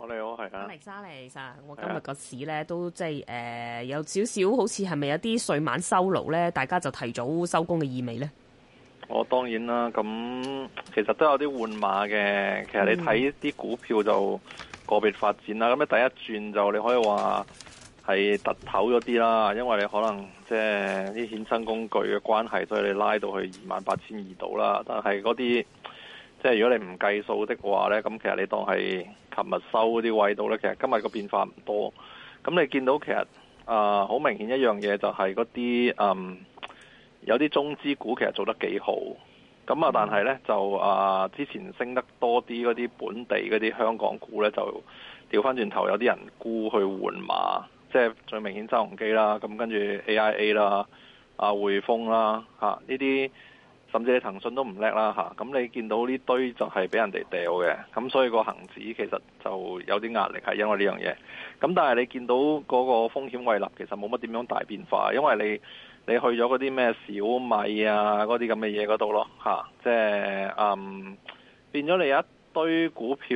我哋好，係啊！我莎莉，莎、啊。我今日個市咧、啊、都即係、呃、有少少好似係咪有啲稅晚收牢咧？大家就提早收工嘅意味咧？我、哦、當然啦，咁其實都有啲換馬嘅。其實你睇啲股票就個別發展啦。咁你、嗯、第一轉就你可以話係突頭咗啲啦，因為你可能即係啲衍生工具嘅關係，所以你拉到去二萬八千二度啦。但係嗰啲即係如果你唔計數嘅話呢，咁其實你當係琴日收嗰啲位度呢，其實今日個變化唔多。咁你見到其實啊，好、呃、明顯一樣嘢就係嗰啲嗯，有啲中資股其實做得幾好。咁啊，但係呢，嗯、就啊、呃，之前升得多啲嗰啲本地嗰啲香港股呢，就調返轉頭有啲人沽去換馬。即、就、係、是、最明顯新鴻基啦，咁跟住 AIA 啦，阿、啊、匯豐啦，吓呢、啊、啲。甚至你騰訊都唔叻啦吓，咁你見到呢堆就係俾人哋掉嘅，咁所以個恒指其實就有啲壓力，係因為呢樣嘢。咁但係你見到嗰個風險位立，其實冇乜點樣大變化，因為你你去咗嗰啲咩小米啊，嗰啲咁嘅嘢嗰度咯吓，即係、就是、嗯變咗你一堆股票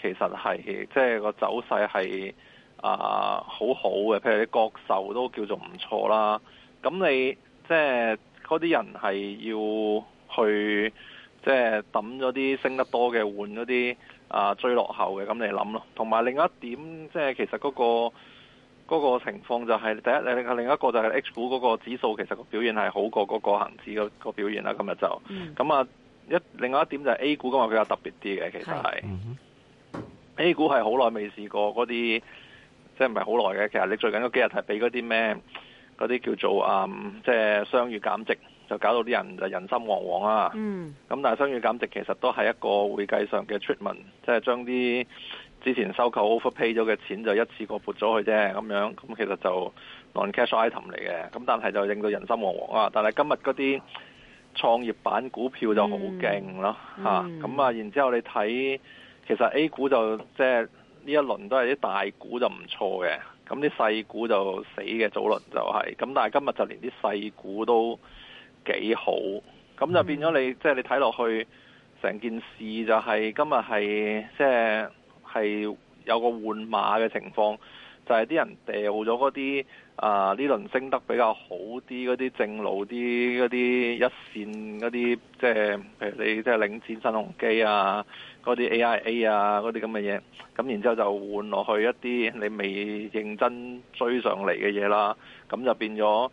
其實係即係個走勢係啊、呃、好好嘅，譬如啲國壽都叫做唔錯啦。咁你即係，就是嗰啲人係要去即係抌咗啲升得多嘅，換咗啲啊追落後嘅，咁你諗咯。同埋另外一點，即係其實嗰個嗰個情況就係第一，另另一個就係 H 股嗰個指數其實個表現係好過嗰個恆指個表現啦。今日就咁啊、嗯，一另外一,一點就係 A 股今日比較特別啲嘅，其實係、嗯、哼 A 股係好耐未試過嗰啲，即係唔係好耐嘅。其實你最近嗰幾日係俾嗰啲咩？嗰啲叫做誒，即、嗯、係、就是、商譽減值，就搞到啲人就人心惶惶啊！咁、嗯、但係商譽減值其實都係一個會計上嘅 treatment，即係將啲之前收購 overpay 咗嘅錢就一次過撥咗去啫，咁樣，咁其實就 non cash item 嚟嘅。咁但係就令到人心惶惶啊！但係今日嗰啲創業板股票就好勁咯吓，咁、嗯嗯、啊，然之後你睇，其實 A 股就即係呢一輪都係啲大股就唔錯嘅。咁啲細股就死嘅早輪就係、是，咁但係今日就連啲細股都幾好，咁就變咗你即係、就是、你睇落去成件事就係、是、今日係即係係有個換馬嘅情況。就係啲人掉咗嗰啲啊，呢輪升得比較好啲嗰啲正路啲嗰啲一線嗰啲，即係譬如你即係領展、新鴻基啊，嗰啲 AIA 啊，嗰啲咁嘅嘢，咁然之後就換落去一啲你未認真追上嚟嘅嘢啦，咁就變咗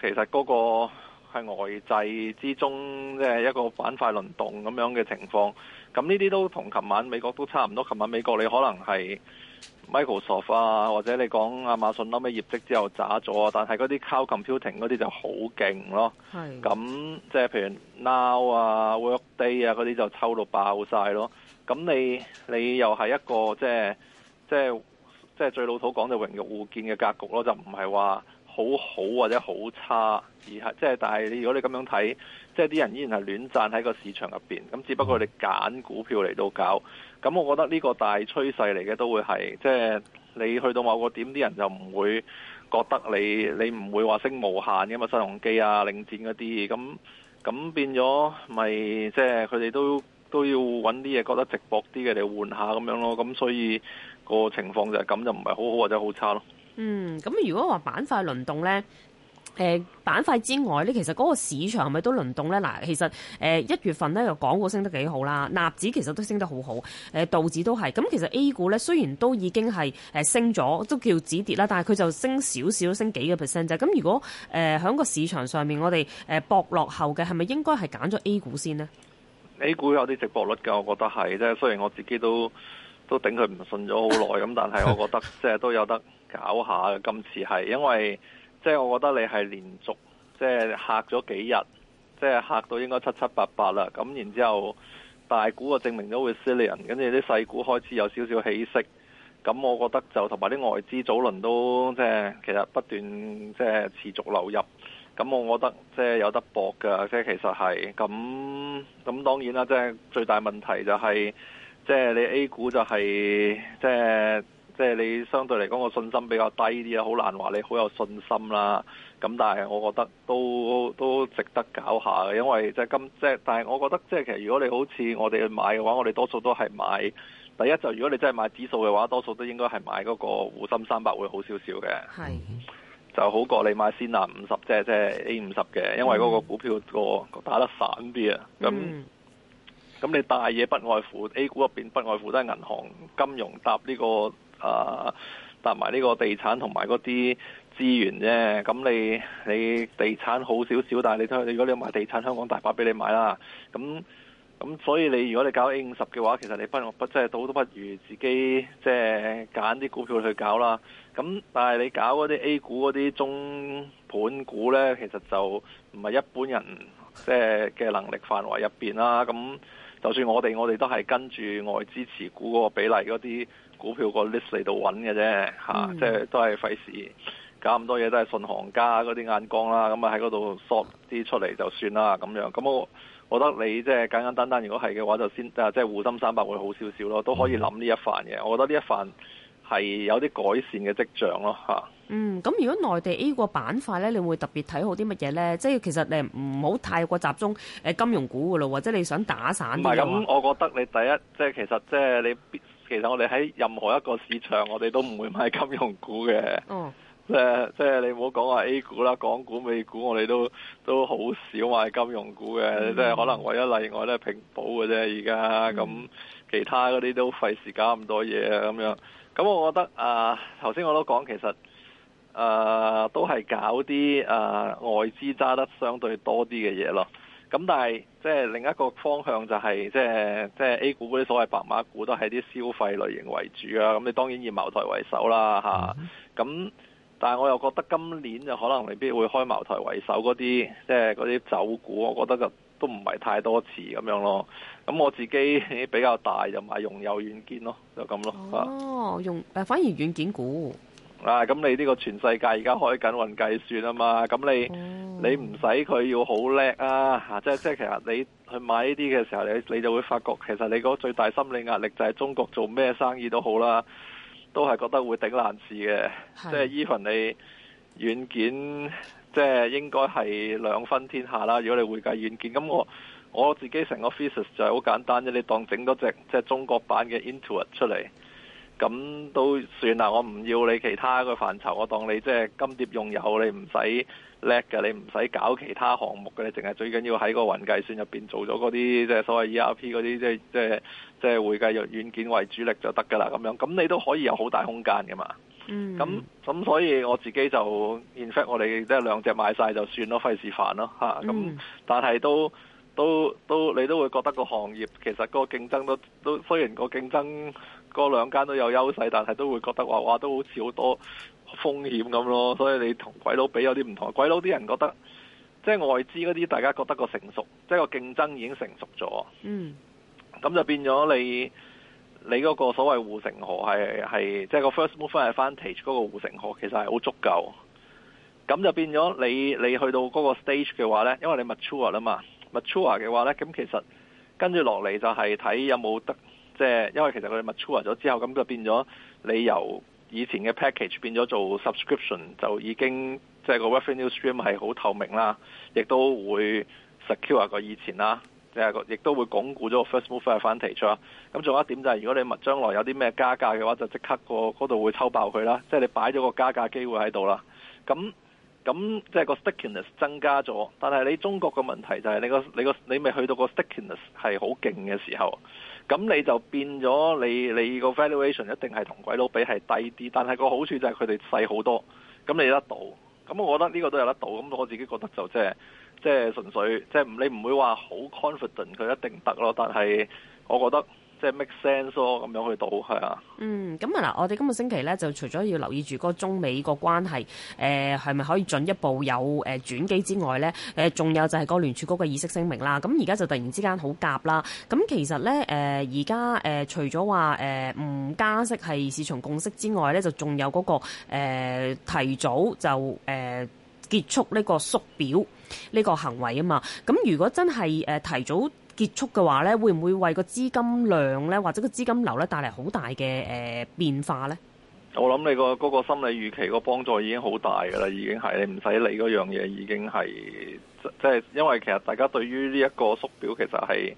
其實嗰個係外滯之中，即係一個板塊輪動咁樣嘅情況。咁呢啲都同琴晚美國都差唔多。琴晚美國你可能係。Microsoft 啊，或者你講，亞馬遜啱咩業績之後渣咗啊，但係嗰啲 cloud computing 嗰啲就好勁咯。咁是即係譬如 Now 啊、Workday 啊嗰啲就抽到爆晒咯。咁你你又係一個即係即係即係最老土講就榮辱互見嘅格局咯，就唔係話好好或者好差，而係即係但係你如果你咁樣睇。即係啲人依然係亂賺喺個市場入邊，咁只不過佢哋揀股票嚟到搞，咁我覺得呢個大趨勢嚟嘅都會係，即係你去到某個點，啲人就唔會覺得你你唔會話升無限嘅嘛，新鴻基啊、領展嗰啲，咁咁變咗咪、就是、即係佢哋都都要揾啲嘢覺得值博啲嘅嚟換下咁樣咯，咁所以個情況就係咁，就唔係好好或者好差咯。嗯，咁如果話板塊輪動呢？誒，板塊之外咧，其實嗰個市場係咪都輪動咧？嗱，其實誒一月份咧，又港股升得幾好啦，納指其實都升得好好，誒道指都係。咁其實 A 股咧，雖然都已經係誒升咗，都叫止跌啦，但係佢就升少少，升幾個 percent。咁如果誒喺、呃、個市場上面，我哋誒博落後嘅，係咪應該係揀咗 A 股先呢？A 股有啲值博率嘅，我覺得係，即係雖然我自己都都頂佢唔順咗好耐，咁 但係我覺得即係都有得搞下。今次係因為。即係我覺得你係連續即係、就是、嚇咗幾日，即、就、係、是、嚇到應該七七八八啦。咁然之後，大股就證明咗會 resilient，跟住啲細股開始有少少起色。咁我覺得就同埋啲外資早輪都即係其實不斷即係、就是、持續流入。咁我覺得即係、就是、有得搏㗎。即係其實係咁。咁當然啦，即、就、係、是、最大問題就係即係你 A 股就係即係。就是即係你相對嚟講個信心比較低啲啊，好難話你好有信心啦。咁但係我覺得都都值得搞下嘅，因為即係今即係，但係我覺得即係其實如果你好似我哋去買嘅話，我哋多數都係買第一就如果你真係買指數嘅話，多數都應該係買嗰個滬深三百會好少少嘅。係是就好過你買先拿五十，即係即係 A 五十嘅，因為嗰個股票個打得散啲啊。咁咁、嗯、你大嘢不外乎 A 股入邊不外乎都係銀行金融搭呢、呢個。啊，搭埋呢個地產同埋嗰啲資源啫。咁你你地產好少少，但係你睇，如果你有買地產，香港大把俾你買啦。咁咁，所以你如果你搞 A 五十嘅話，其實你不不即係倒都不如自己即係揀啲股票去搞啦。咁但係你搞嗰啲 A 股嗰啲中盤股呢，其實就唔係一般人即係嘅能力範圍入邊啦。咁就算我哋，我哋都係跟住外資持股嗰個比例嗰啲。股票個 list 嚟到揾嘅啫，嚇、啊，嗯、即係都係費事，搞咁多嘢都係信行家嗰啲眼光啦。咁啊喺嗰度 sort 啲出嚟就算啦，咁樣。咁我，我覺得你即係簡簡單單，如果係嘅話，就先、啊、即係滬深三百會好少少咯，都可以諗呢一範嘅。嗯、我覺得呢一範係有啲改善嘅跡象咯，嚇、啊。嗯，咁如果內地 A 個板塊咧，你會特別睇好啲乜嘢咧？即係其實你唔好太過集中誒金融股噶咯，或者你想打散啲啊？咁我覺得你第一即係其實即係你必其實我哋喺任何一個市場，我哋都唔會買金融股嘅。嗯，即係即係你唔好講話 A 股啦、港股、美股我都，我哋都都好少買金融股嘅。嗯、即係可能唯一例外咧，平保嘅啫。而家咁其他嗰啲都費事搞咁多嘢啊，咁樣。咁我覺得啊，頭、呃、先我都講，其實誒、呃、都係搞啲誒、呃、外資揸得相對多啲嘅嘢咯。咁但係即係另一個方向就係即係即係 A 股嗰啲所謂白馬股，都係啲消費類型為主啊。咁你當然以茅台為首啦吓咁、嗯啊、但係我又覺得今年就可能未必會開茅台為首嗰啲，即係嗰啲酒股，我覺得就都唔係太多次咁樣咯。咁我自己比較大就買用友軟件咯，就咁咯、哦、用、呃、反而軟件股。啊，咁你呢個全世界而家開緊雲計算啊嘛，咁你、mm. 你唔使佢要好叻啊，嚇、啊，即、就、即、是、其實你去買呢啲嘅時候，你你就會發覺其實你嗰最大心理壓力就係中國做咩生意都好啦，都係覺得會頂難事嘅，是即係 even 你軟件即係、就是、應該係兩分天下啦。如果你會計軟件，咁我、mm. 我自己成個 physics 就係好簡單啫，你當整多隻即係、就是、中國版嘅 Intuit 出嚟。咁都算啦。我唔要你其他嘅範疇，我當你即係金蝶用友，你唔使叻嘅，你唔使搞其他項目嘅，你淨係最緊要喺個雲計算入面做咗嗰啲即係所謂 ERP 嗰啲，即係即係即係會計軟件為主力就得㗎啦。咁樣咁你都可以有好大空間㗎嘛。嗯。咁咁所以我自己就 in fact 我哋即係兩隻買晒就算咯，費事煩咯嚇。咁、啊嗯、但係都都都你都會覺得個行業其實個競爭都都雖然個競爭。嗰兩間都有優勢，但係都會覺得話哇，都好似好多風險咁咯。所以你同鬼佬比有啲唔同，鬼佬啲人覺得即係外資嗰啲，大家覺得個成熟，即係個競爭已經成熟咗。嗯，咁就變咗你你嗰個所謂護城河係即係個 first mover advantage 嗰個護城河，其實係好足夠。咁就變咗你你去到嗰個 stage 嘅話呢，因為你 mature 啦嘛，mature 嘅話呢，咁其實跟住落嚟就係睇有冇得。即係因為其實佢哋 mature 咗之後，咁就變咗你由以前嘅 package 變咗做 subscription，就已經即係個 Revenue Stream 係好透明啦，亦都會 secure 個以前啦，即係亦都會鞏固咗個 First Mover Advantage 啦，咁仲有一點就係，如果你密將來有啲咩加價嘅話，就即刻個嗰度會抽爆佢啦。即係你擺咗個加價機會喺度啦。咁咁即係個 Stickiness 增加咗，但係你中國嘅問題就係你個你個你未去到個 Stickiness 係好勁嘅時候。咁你就變咗你你個 valuation 一定係同鬼佬比係低啲，但係個好處就係佢哋細好多，咁你得到，咁我覺得呢個都有得到，咁我自己覺得就即係即係純粹即係、即係、你唔會話好 confident 佢一定得咯，但係我覺得。即係 make sense 咯，咁樣去賭係啊。嗯，咁啊嗱，我哋今個星期咧就除咗要留意住嗰個中美個關係，係、呃、咪可以進一步有、呃、轉機之外咧，仲、呃、有就係個聯儲局嘅議息聲明啦。咁而家就突然之間好夾啦。咁其實咧，而、呃、家、呃、除咗話唔加息係市場共識之外咧，就仲有嗰、那個、呃、提早就、呃、結束呢個縮表呢個行為啊嘛。咁如果真係提早，結束嘅話呢，會唔會為個資金量呢？或者個資金流呢，帶嚟好大嘅誒變化呢？我諗你個嗰個心理預期個幫助已經好大噶啦，已經係你唔使理嗰樣嘢，已經係即係，就係，因為其實大家對於呢一個縮表其實係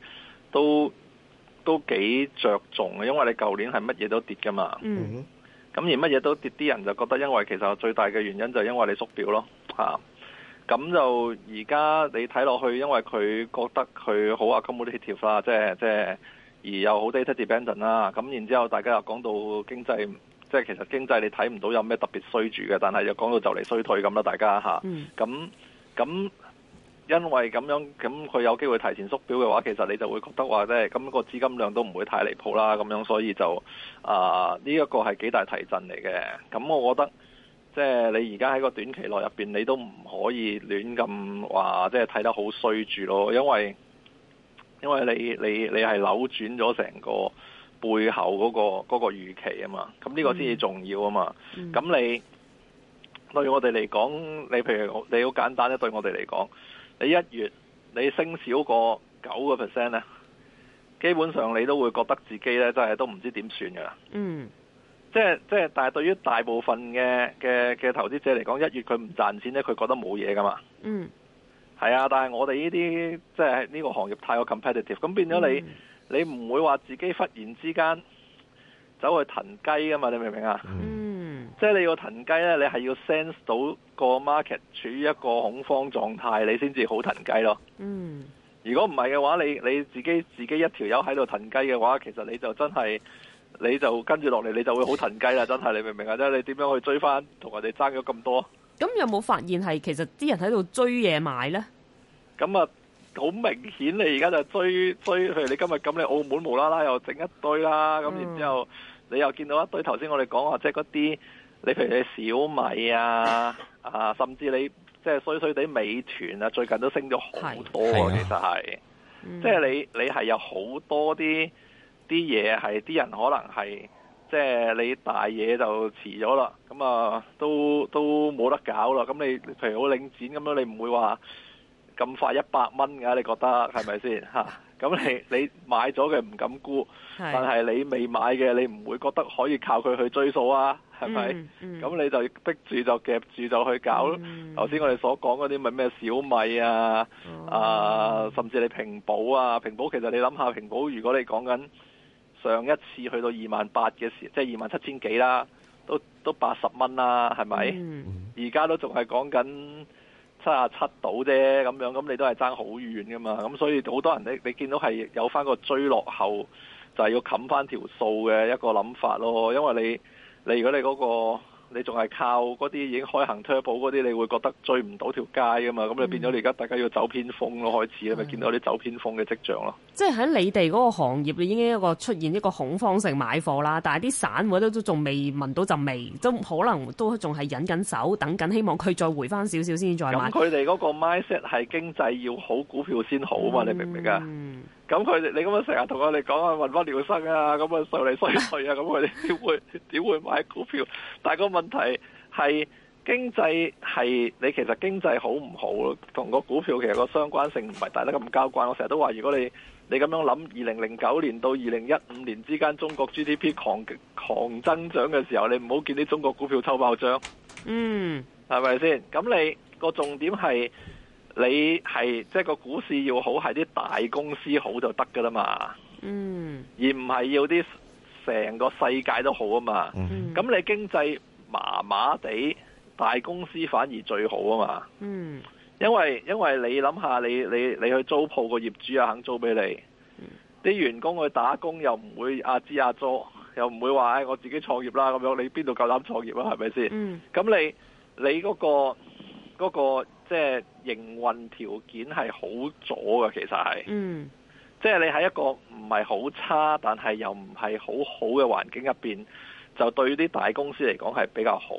都都幾着重嘅，因為你舊年係乜嘢都跌噶嘛，嗯、mm，咁、hmm. 而乜嘢都跌，啲人就覺得因為其實最大嘅原因就係因為你縮表咯，吓。咁就而家你睇落去，因為佢覺得佢好 accommodative 啦，即係即係而又好 data-dependent 啦。咁然之後，大家又講到經濟，即係其實經濟你睇唔到有咩特別衰住嘅，但係又講到就嚟衰退咁啦，大家吓，咁咁、嗯、因為咁樣，咁佢有機會提前縮表嘅話，其實你就會覺得話即係咁個資金量都唔會太離譜啦。咁樣所以就啊，呢一個係幾大提振嚟嘅。咁我覺得。即係你而家喺個短期內入邊，你都唔可以亂咁話，即係睇得好衰住咯。因為因為你你你係扭轉咗成個背後嗰個嗰個預期啊嘛，咁呢個先至重要啊嘛。咁、嗯、你對我哋嚟講，你譬如你好簡單咧，對我哋嚟講，你一月你升少過九個 percent 咧，基本上你都會覺得自己咧真係都唔知點算噶啦。嗯。即係即係，但係對於大部分嘅嘅嘅投資者嚟講，一月佢唔賺錢咧，佢覺得冇嘢㗎嘛。嗯，係啊，但係我哋呢啲即係呢個行業太過 competitive，咁變咗你、嗯、你唔會話自己忽然之間走去騰雞㗎嘛，你明唔明啊？嗯，即係你要騰雞咧，你係要 sense 到個 market 處於一個恐慌狀態，你先至好騰雞咯。嗯，如果唔係嘅話，你你自己自己一條友喺度騰雞嘅話，其實你就真係。你就跟住落嚟，你就會好騰雞啦！真係，你明唔明啊？即係你點樣去追翻同人哋爭咗咁多？咁有冇發現係其實啲人喺度追嘢買呢？咁啊，好明顯你而家就追追，譬如你今日咁，你澳門無啦啦又整一堆啦，咁、嗯、然之後你又見到一堆頭先我哋講話，即係嗰啲，你譬如你小米啊啊，啊，甚至你即係、就是、衰衰哋美團啊，最近都升咗好多、啊、是其實係，即係、嗯、你你係有好多啲。啲嘢係啲人可能係即係你大嘢就遲咗啦，咁啊都都冇得搞啦。咁你譬如好領展咁樣，你唔會話咁快一百蚊㗎？你覺得係咪先嚇？咁、 啊、你你買咗嘅唔敢估，是但係你未買嘅你唔會覺得可以靠佢去追數啊？係咪？咁、嗯嗯、你就逼住就夾住就去搞囉。頭先、嗯、我哋所講嗰啲咪咩小米啊、嗯、啊，甚至你平保啊，平保其實你諗下平保，如果你講緊。上一次去到二萬八嘅時，即係二萬七千幾啦，都都八十蚊啦，係咪？而家、mm hmm. 都仲係講緊七啊七度啫，咁樣咁你都係爭好遠噶嘛，咁所以好多人咧，你見到係有翻個追落後，就係、是、要冚翻條數嘅一個諗法咯，因為你你如果你嗰、那個你仲係靠嗰啲已經開行 turbo 嗰啲，你會覺得追唔到條街㗎嘛？咁你變咗你而家大家要走偏風咯，開始你咪見到啲走偏風嘅跡象咯、嗯。即係喺你哋嗰個行業，已經一個出現一個恐慌性買貨啦。但係啲散戶都都仲未聞到陣味，都可能都仲係忍緊手，等緊希望佢再回翻少少先再買。佢哋嗰個 mindset 係經濟要好，股票先好嘛？你明唔明啊？嗯。咁佢哋你咁樣成日同我哋講啊，民不聊生啊，咁啊受你衰退啊，咁佢哋點會點會買股票？但係個問題係經濟係你其實，經濟好唔好同個股票其實個相關性唔係大得咁交關。我成日都話，如果你你咁樣諗，二零零九年到二零一五年之間，中國 GDP 狂狂增長嘅時候，你唔好見啲中國股票抽爆漲。嗯，係咪先？咁你個重點係。你係即係個股市要好，係啲大公司好就得噶啦嘛。嗯，而唔係要啲成個世界都好啊嘛。咁、嗯、你經濟麻麻地，大公司反而最好啊嘛。嗯，因，因為因為你諗下，你你你去租鋪個業主又肯租俾你，啲、嗯、員工去打工又唔會阿支阿佐，又唔會話誒、哎、我自己創業啦咁樣，你邊度夠膽創業啊？係咪先？咁、嗯、你你嗰個嗰個。嗰個即係營運條件係好咗嘅，其實係，嗯，即係你喺一個唔係好差，但係又唔係好好嘅環境入邊，就對啲大公司嚟講係比較好。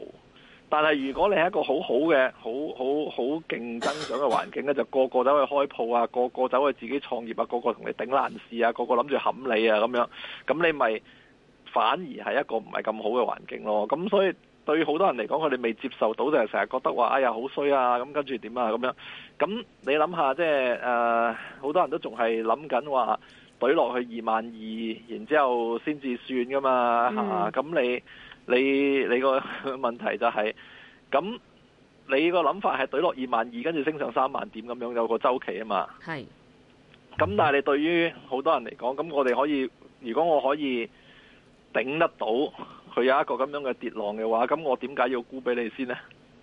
但係如果你係一個好好好嘅好好好競爭上嘅環境咧，就個個走去開鋪啊，個個走去自己創業啊，個個同你頂爛市啊，個個諗住冚你啊咁樣，咁你咪反而係一個唔係咁好嘅環境咯。咁所以。對好多人嚟講，佢哋未接受到，就係成日覺得話，哎呀好衰啊！咁跟住點啊咁樣。咁你諗下，即係誒，好、呃、多人都仲係諗緊話，懟落去二萬二，然之後先至算㗎嘛吓。咁、啊、你你你個問題就係、是，咁你個諗法係懟落二萬二，跟住升上三萬點咁樣有個周期啊嘛。係。咁但係你對於好多人嚟講，咁我哋可以，如果我可以頂得到。佢有一個咁樣嘅跌浪嘅話，咁我點解要沽俾你先呢？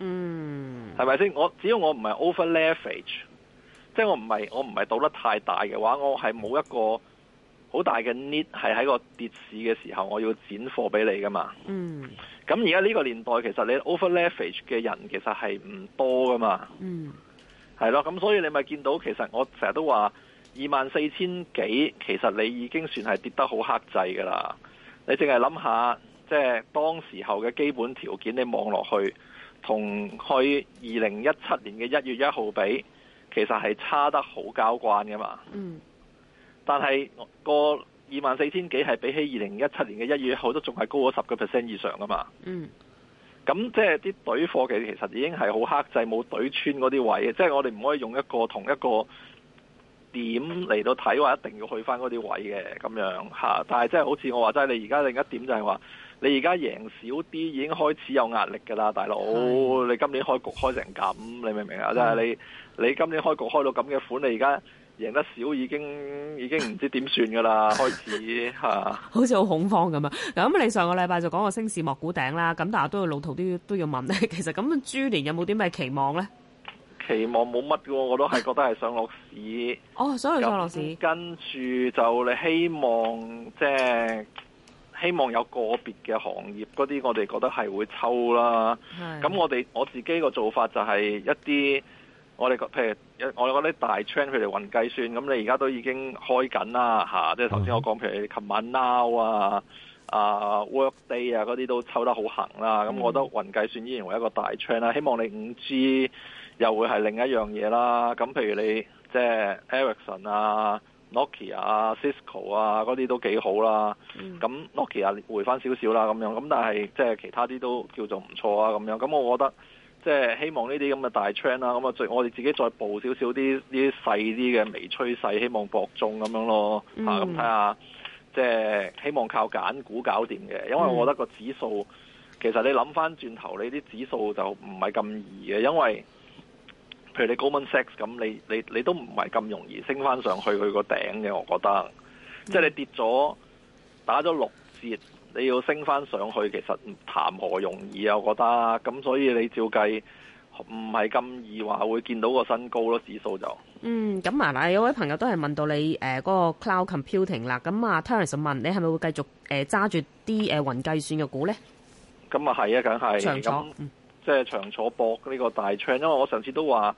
嗯，係咪先？我只要我唔係 over leverage，即係我唔係我唔係賭得太大嘅話，我係冇一個好大嘅 need 係喺個跌市嘅時候我要展貨俾你噶嘛？嗯，咁而家呢個年代其實你 over leverage 嘅人其實係唔多噶嘛？嗯，係咯，咁所以你咪見到其實我成日都話二萬四千幾，其實你已經算係跌得好克制㗎啦。你淨係諗下。即係當時候嘅基本條件，你望落去，同去二零一七年嘅一月一號比，其實係差得好交關噶嘛。嗯。但係個二萬四千幾係比起二零一七年嘅一月一號都仲係高咗十個 percent 以上噶嘛。嗯。咁即係啲隊貨嘅其實已經係好克制，冇隊穿嗰啲位嘅，即係、嗯、我哋唔可以用一個同一個點嚟到睇話一定要去翻嗰啲位嘅咁樣吓。但係即係好似我話齋，你而家另一點就係話。你而家贏少啲，已經開始有壓力噶啦，大佬！你今年開局開成咁，你明唔明啊？即係你你今年開局開到咁嘅款，你而家贏得少已，已經已經唔知點算噶啦， 開始吓。好似好恐慌咁啊！咁你上個禮拜就講個升市莫估頂啦，咁但係都要老土都都要問咧。其實咁豬年有冇啲咩期望咧？期望冇乜噶，我都係覺得係上落市。 那哦，所以上落市。跟住就你希望即係。就是希望有個別嘅行業嗰啲，那些我哋覺得係會抽啦。咁的我哋我自己個做法就係一啲我哋譬如我哋嗰啲大 trend 譬如雲計算，咁你而家都已經開緊啦吓，即係頭先我講譬如琴晚 Now 啊、uh, Workday 啊嗰啲都抽得好行啦。咁我覺得雲計算依然為一個大 trend 啦。希望你 5G 又會係另一樣嘢啦。咁譬如你即係 Ericsson 啊。Nokia、Cisco、啊、Cisco 啊嗰啲都幾好啦，咁、嗯、Nokia、ok、回翻少少啦咁樣，咁但係即係其他啲都叫做唔錯啊咁樣，咁我覺得即係、就是、希望呢啲咁嘅大 trend 啦，咁啊再我哋自己再佈少少啲啲細啲嘅微趨勢，希望博中咁樣咯，嚇咁睇下即係、就是、希望靠揀股搞掂嘅，因為我覺得個指數、嗯、其實你諗翻轉頭，你啲指數就唔係咁易嘅，因為。譬如你高文 sex 咁，你你你都唔係咁容易升翻上去佢個頂嘅，我覺得。即係你跌咗打咗六折，你要升翻上去，其實談何容易啊！我覺得。咁所以你照計唔係咁易話會見到個新高咯，指數就。嗯，咁埋埋有位朋友都係問到你嗰、呃嗰個 cloud computing 啦。咁啊，Terence 就問你係咪會繼續誒揸住啲誒雲計算嘅股咧？咁啊係啊，梗係。所那即係長坐博呢個大 trend，因為我上次都話，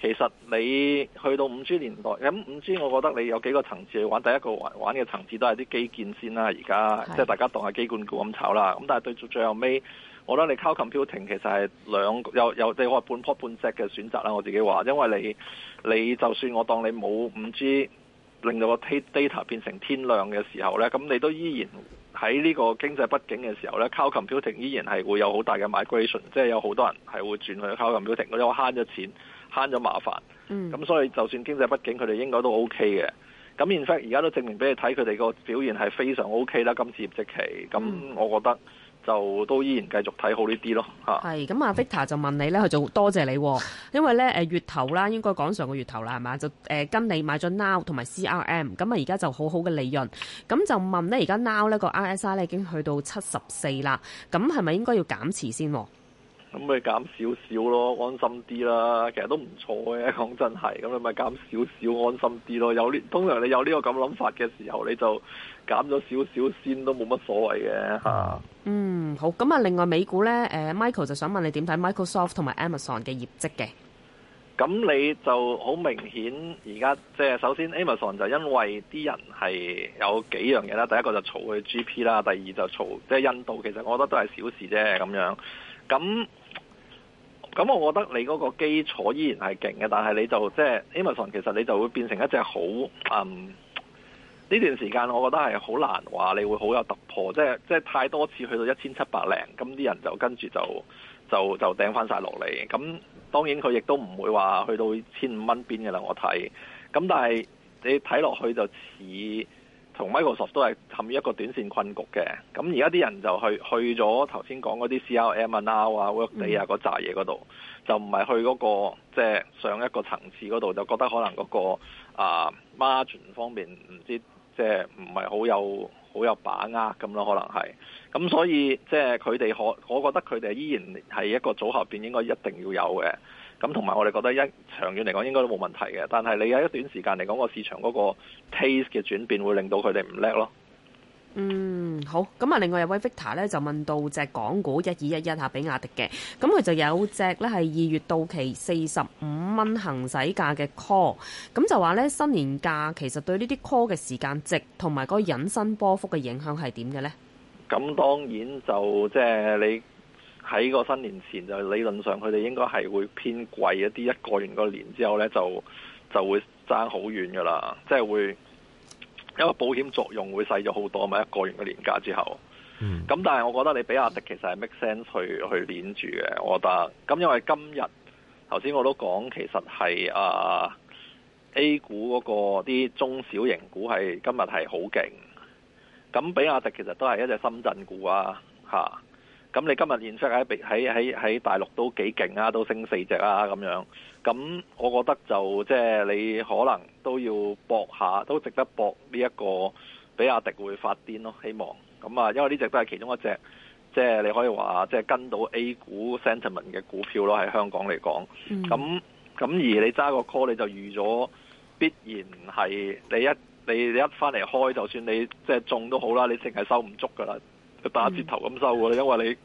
其實你去到五 G 年代，咁、嗯、五 G 我覺得你有幾個層次去玩。第一個玩玩嘅層次都係啲基建先啦，而家是的 即大家當係基建股咁炒啦。咁、嗯、但係對住最後尾，我覺得你靠 computing 其實係兩個有有你係係半 port 半 set 嘅選擇啦。我自己話，因為你你就算我當你冇五 G 令到個 data 變成天量嘅時候呢，咁你都依然。喺呢個經濟不景嘅時候咧，cloud computing 依然係會有好大嘅 migration，即係有好多人係會轉去 cloud computing，因為慳咗錢、慳咗麻煩。咁、嗯、所以就算經濟不景，佢哋應該都 OK 嘅。咁 in fact 而家都證明俾你睇，佢哋個表現係非常 OK 啦。今次業績期，咁我覺得。就都依然繼續睇好呢啲咯。咁阿 Victor 就問你咧，佢就多謝你，因為咧月頭啦，應該講上個月頭啦係嘛？就誒跟你買咗 Now 同埋 CRM，咁啊而家就好好嘅利潤。咁就問咧，而家 Now 呢個 RSI 咧已經去到七十四啦，咁係咪應該要減持先？咁咪減少少咯，安心啲啦。其實都唔錯嘅，講真係。咁你咪減少少，安心啲咯。有呢，通常你有呢個咁諗法嘅時候，你就減咗少少先都，都冇乜所謂嘅吓。嗯，好。咁啊，另外美股咧，Michael 就想問你點睇 Microsoft 同埋 Amazon 嘅業績嘅。咁你就好明顯，而家即係首先 Amazon 就因為啲人係有幾樣嘢啦。第一個就炒佢 GP 啦，第二就炒即係印度。其實我覺得都係小事啫咁樣。咁咁我覺得你嗰個基礎依然係勁嘅，但係你就即係、就是、Amazon，其實你就會變成一隻好，嗯，呢段時間，我覺得係好難話你會好有突破，即係即係太多次去到一千七百零，咁啲人就跟住就就就掟翻曬落嚟。咁當然佢亦都唔會話去到千五蚊邊嘅啦，我睇。咁但係你睇落去就似。同 Microsoft 都係陷於一個短線困局嘅，咁，而家啲人就去去咗頭先講嗰啲 CRM 啊、now、mm. 啊、Workday 啊嗰扎嘢嗰度，就唔係去嗰、嗰個即係、即係、上一個層次嗰度，就覺得可能嗰、嗰個啊 margin 方面唔知即係唔係好有好有把握咁咯？可能係咁，所以即係佢哋可我覺得佢哋依然係一個組合，邊應該一定要有嘅。咁同埋，我哋覺得一長遠嚟講應該都冇問題嘅。但係你有一段時間嚟講，個市場嗰個 taste 嘅轉變會令到佢哋唔叻咯。嗯，好。咁啊，另外一位 Victor 咧就問到隻港股一二一一吓，比亞迪嘅。咁佢就有隻咧係二月到期四十五蚊行使價嘅 call，咁就話咧新年假其實對呢啲 call 嘅時間值同埋個引伸波幅嘅影響係點嘅咧？咁當然就即係、就是、你。喺個新年前就理論上，佢哋應該係會偏貴一啲。一過完個元的年之後呢，就就會爭好遠噶啦，即係會因為保險作用會細咗好多嘛！一過完個元的年假之後，嗯，咁但係我覺得你比亞迪其實係 make sense 去去攣住嘅，我覺得。咁因為今日頭先我都講，其實係啊 A 股嗰個啲中小型股係今日係好勁。咁比亞迪其實都係一隻深圳股啊，嚇、啊！咁你今日現出喺喺喺喺大陸都幾勁啊，都升四隻啊咁樣。咁我覺得就即係你可能都要搏下，都值得搏呢、這、一個比亞迪會發癲咯。希望咁啊，因為呢隻都係其中一隻，即係你可以話即係跟到 A 股 sentiment 嘅股票咯，喺香港嚟講。咁咁、嗯、而你揸個 call，你就預咗必然係你一你一翻嚟開，就算你即係、就是、中都好啦，你淨係收唔足㗎啦。打折頭咁收噶啦。嗯、因為你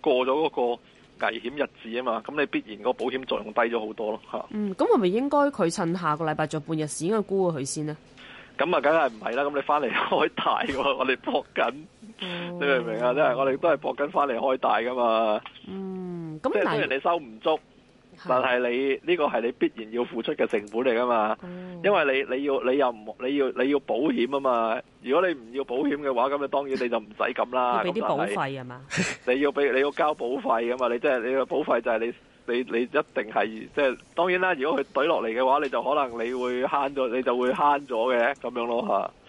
過咗嗰個危險日子啊嘛，咁你必然個保險作用低咗好多咯吓。啊、嗯，咁係咪應該佢趁下個禮拜做半日市，應該估佢先呢？咁啊，梗係唔係啦，咁你翻嚟開大喎，我哋搏緊，你明唔明啊？即係我哋都係搏緊翻嚟開大噶嘛嗯。嗯，咁即係人哋收唔足。但係你呢個係你必然要付出嘅成本嚟噶嘛？嗯、因為你你要你又唔你要你要保險啊嘛？如果你唔要保險嘅話，咁你當然你就唔使咁啦。要俾啲 保費嘛是？ 你要俾你要交保費噶嘛？你即、就、係、是、你個保費就係你你你一定係即係。當然啦，如果佢懟落嚟嘅話，你就可能你會慳咗，你就會慳咗嘅咁樣咯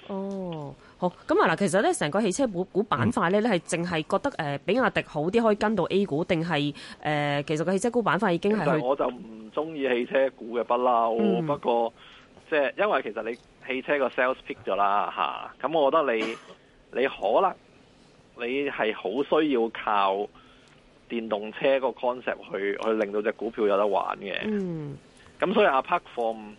吓。哦。好咁啊嗱，其實咧成個汽車股股板塊咧，你係淨係覺得誒、呃、比亞迪好啲，可以跟到 A 股，定係誒其實個汽車股板塊已經係去。我就唔中意汽車股嘅不嬲，嗯、不過即係因為其實你汽車個 sales Pick 咗啦吓，咁我覺得你你可能你係好需要靠電動車個 concept 去去令到隻股票有得玩嘅。嗯，咁所以 apart from。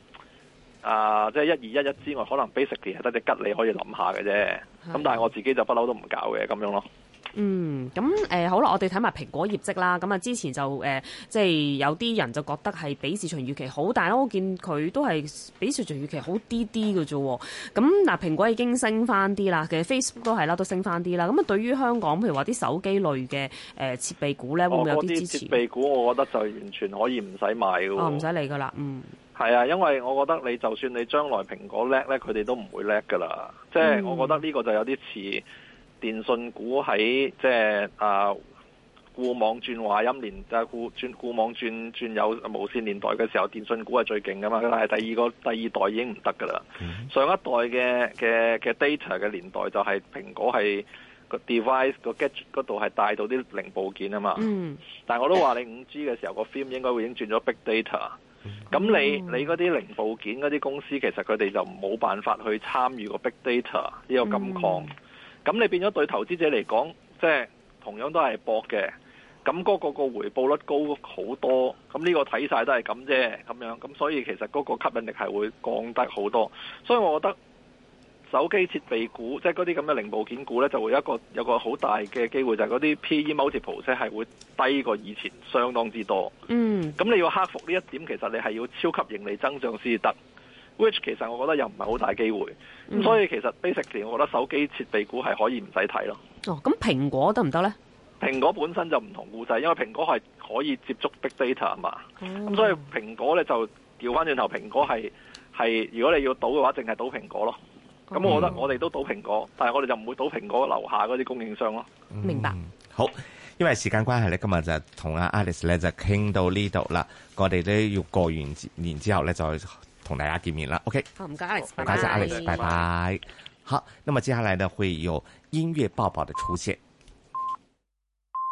啊，即係一二一一之外，可能 basically 係得隻吉利可以諗下嘅啫。咁的但係我自己就不嬲都唔搞嘅，咁樣咯。嗯，咁誒、呃，好啦，我哋睇埋蘋果業績啦。咁啊，之前就誒，即、呃、係、就是、有啲人就覺得係比市場預期好，但係我見佢都係比市場預期好啲啲嘅啫。咁嗱，蘋果已經升翻啲啦，其實 Facebook 都係啦，都升翻啲啦。咁啊，對於香港譬如話啲手機類嘅誒設備股咧，哦、會唔會有啲支持？設備股我覺得就完全可以唔使買嘅，唔使、哦、理噶啦，嗯。係啊，因為我覺得你就算你將來蘋果叻咧，佢哋都唔會叻噶啦。即係、mm hmm. 我覺得呢個就有啲似電信股喺即係啊固網轉話音年，就、啊、固轉固網轉轉有無線年代嘅時候，電信股係最勁噶嘛。Mm hmm. 但係第二個第二代已經唔得噶啦。Mm hmm. 上一代嘅嘅嘅 data 嘅年代就係蘋果係個 device 個 gadget 嗰度係帶到啲零部件啊嘛。Mm hmm. 但係我都話你五 G 嘅時候個 film 應該會已經轉咗 big data。咁你你嗰啲零部件嗰啲公司，其實佢哋就冇辦法去參與個 big data 呢個金礦。咁、mm hmm. 你變咗對投資者嚟講，即係同樣都係搏嘅。咁嗰個個回報率高好多。咁呢個睇晒都係咁啫，咁樣，咁所以其實嗰個吸引力係會降低好多。所以我覺得。手機設備股，即係嗰啲咁嘅零部件股咧，就會有一個有個好大嘅機會，就係嗰啲 P/E multiple 即係會低過以前，相當之多。嗯，咁你要克服呢一點，其實你係要超級盈利增長先得。Which 其實我覺得又唔係好大機會。咁、嗯、所以其實 basically 我覺得手機設備股係可以唔使睇咯。哦，咁蘋果得唔得咧？蘋果本身就唔同故仔，因為蘋果係可以接觸 big data 啊嘛。咁、嗯、所以蘋果咧就調翻轉頭，蘋果係係如果你要賭嘅話，淨係賭蘋果咯。咁我覺得我哋都賭蘋果，嗯、但係我哋就唔會賭蘋果樓下嗰啲供應商咯。明白、嗯。好，因為時間關係咧，今日就同阿 Alice 咧就傾到呢度啦。我哋都要過完年之後咧，再同大家見面啦。OK，唔該，唔該曬，Alice，拜拜。好，那麼接下來呢，會有音樂爆爆嘅出現。